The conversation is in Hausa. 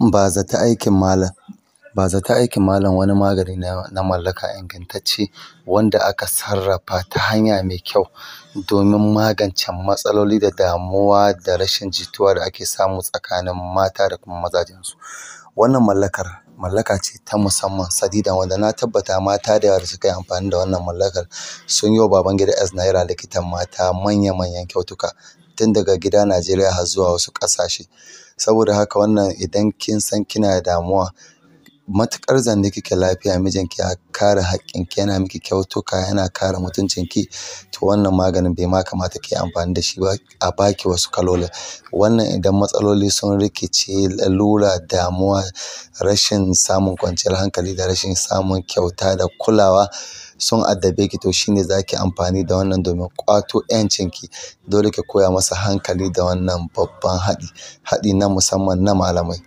Ba aikin malam. aikin malam wani magani na mallaka ingantacce wanda aka sarrafa ta hanya mai kyau domin magance matsaloli da damuwa da rashin jituwa da ake samu tsakanin mata da kuma mazajensu. Wannan mallakar mallaka ce ta musamman sadida, wanda na tabbata mata da yawa suka yi amfani da wannan mallakar sun yi wa Babangida S. Naira likitan mata manya-manyan kyautuka. tun daga gida Najeriya har zuwa wasu ƙasashe. Saboda haka wannan idan kin san kina da damuwa matuƙar zanne kike lafiya mijinki ya kare haƙƙinki yana miki kyautuka yana kare mutuncinki to wannan maganin bai ma kamata ki amfani da shi ba a baki wasu kalolin wannan idan matsaloli sun rikice lalura damuwa rashin samun kwanciyar hankali da rashin samun kyauta da kulawa sun addabe ki to shine zaki amfani da wannan domin ƙwato ki dole ki koya masa hankali da wannan babban haɗi haɗi na musamman na malamai